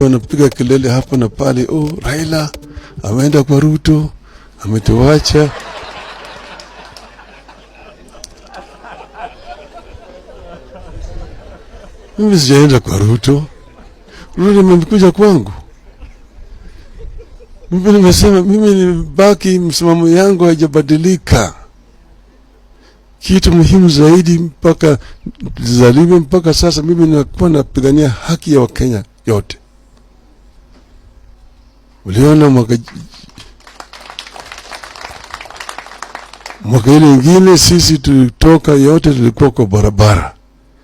Wanapiga kelele hapa na pale, oh, Raila ameenda kwa Ruto, ametuacha. Mimi sijaenda kwa Ruto, Ruto amekuja kwangu. Mimi nimesema, mimi nibaki msimamo yangu haijabadilika. Kitu muhimu zaidi mpaka zalivyo mpaka sasa, mimi nakuwa napigania haki ya Wakenya yote. Uliona mwaka mwaka ile ingine sisi tulitoka yote, tulikuwa kwa barabara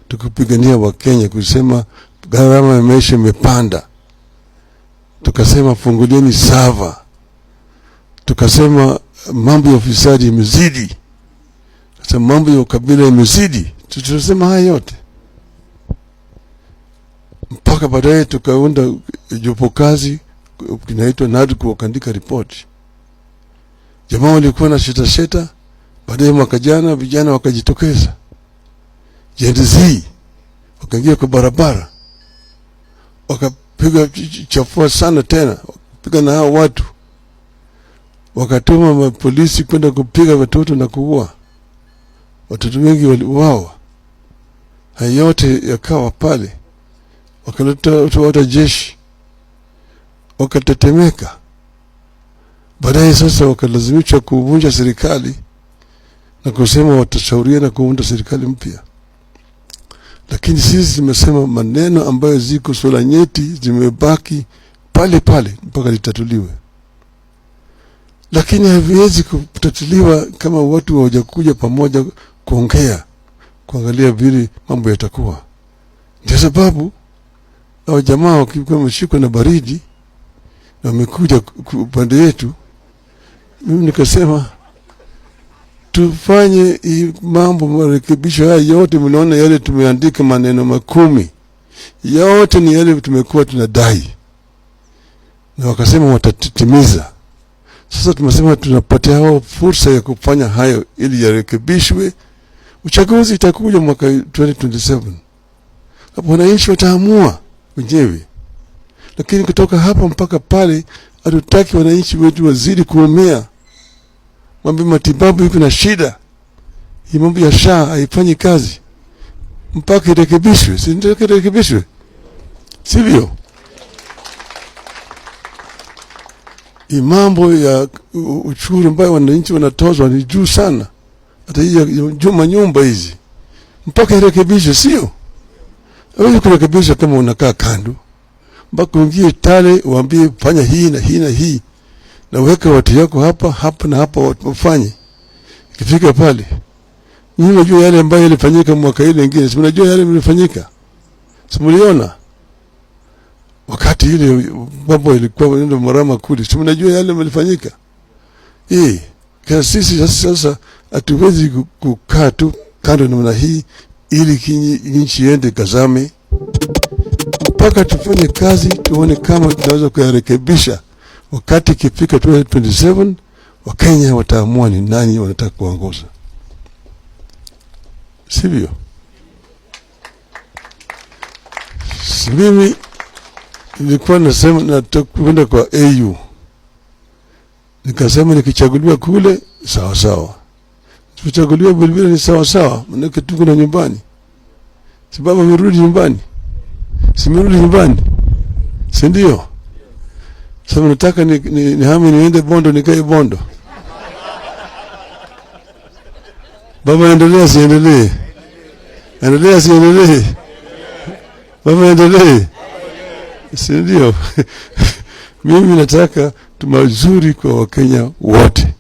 tukipigania Wakenya kusema gharama ya maisha imepanda, tukasema fungulieni sava, tukasema mambo ya ufisadi imezidi, mambo ya ukabila imezidi. Tutasema haya yote mpaka baadaye tukaunda jopo kazi kinaitwa NADCO wakaandika ripoti. Jamaa walikuwa na sheta sheta, baadaye mwaka jana vijana wakajitokeza, Gen Z wakaingia kwa barabara, wakapiga chafua sana tena, wakapiga na hao watu, wakatuma mapolisi kwenda kupiga watoto na kuua watoto, wengi waliuawa. Haya yote yakawa pale, wakaleta watu wa jeshi wakatetemeka, baadaye sasa wakalazimishwa kuvunja serikali na kusema watashauriana kuunda serikali mpya. Lakini sisi tumesema maneno ambayo ziko swala nyeti zimebaki pale pale mpaka litatuliwe, lakini haviwezi kutatuliwa kama watu hawajakuja pamoja kuongea, kuangalia vile mambo yatakuwa. Ndio sababu hao jamaa wakikuwa wameshikwa na baridi wamekuja upande yetu. Mimi nikasema tufanye mambo marekebisho haya yote. Mnaona yale tumeandika maneno makumi yote ni yale tumekuwa tunadai, na wakasema watatimiza. Sasa tumesema tunapatia hao fursa ya kufanya hayo ili yarekebishwe. Uchaguzi itakuja mwaka 2027 hapo wananchi wataamua wenyewe lakini kutoka hapa mpaka pale, hatutaki wananchi wetu wazidi kuumia. Mambo matibabu iko na shida, hii mambo ya SHA haifanyi kazi mpaka irekebishwe, si ndio? Irekebishwe sivyo? Hii mambo ya ushuru ambayo wananchi wanatozwa ni juu sana, hata hii juma nyumba hizi mpaka irekebishwe, sio? Hawezi kurekebisha kama unakaa kando mpaka uingie tale, uambie fanya hii na hii na hii, na uweke watu yako hapa hapa na hapa, watu wafanye. Ikifika pale, nyinyi mnajua yale ambayo yalifanyika mwaka ile nyingine, si mnajua yale yalifanyika, si mliona wakati ile mambo ilikuwa ndio marama kuli, si mnajua yale yalifanyika eh. Kwa sisi sasa hatuwezi kukaa tu kando namna hii ili nchi iende kazame mpaka tufanye kazi tuone kama tunaweza kuyarekebisha. Wakati ikifika 2027 Wakenya wataamua ni nani wanataka kuongoza, sivyo? Mimi nilikuwa nasema natakwenda kwa AU, nikasema nikichaguliwa kule sawa sawa, tukichaguliwa Bulbila ni sawa sawa, manake tuko na nyumbani, sababu amerudi nyumbani simerudi nyumbani, si ndio? Sasa nataka ni, ni, nihame niende Bondo, nikae Bondo. Baba endelea, siendelee? Endelea, siendelee? Baba endelee, si ndio? Mimi nataka mazuri kwa Wakenya wote.